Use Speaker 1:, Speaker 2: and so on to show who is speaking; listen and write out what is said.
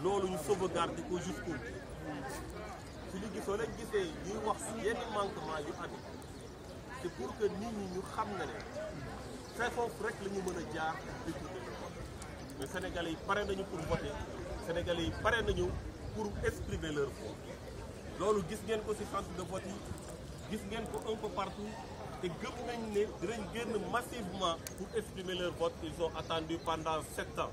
Speaker 1: lolu ñu sauvegarder ko jusqu'au ci ñu gisoo lañ gisee ñuy wax yenn manquement yu am c'est pour que nit ñi ñu xam ne ne fee foofu rek la ñu mën a jaar bi mais sénégalais yi pare nañu pour voter sénégalais yi pare nañu pour exprimer leur voix loolu gis ngeen ko ci centre de vote yi gis ngeen ko un peu partout te gëm nañ ne dinañ génn massivement pour exprimer leur vote ils ont attendu pendant sept ans